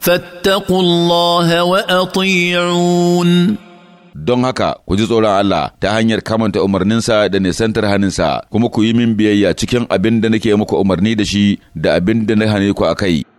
فاتقوا الله وأطيعون don haka ku ji tsoron Allah ta hanyar kamanta umarninsa da nisantar haninsa kuma ku yi min biyayya cikin abin da nake muku umarni da shi da abin da na hane ku a kai.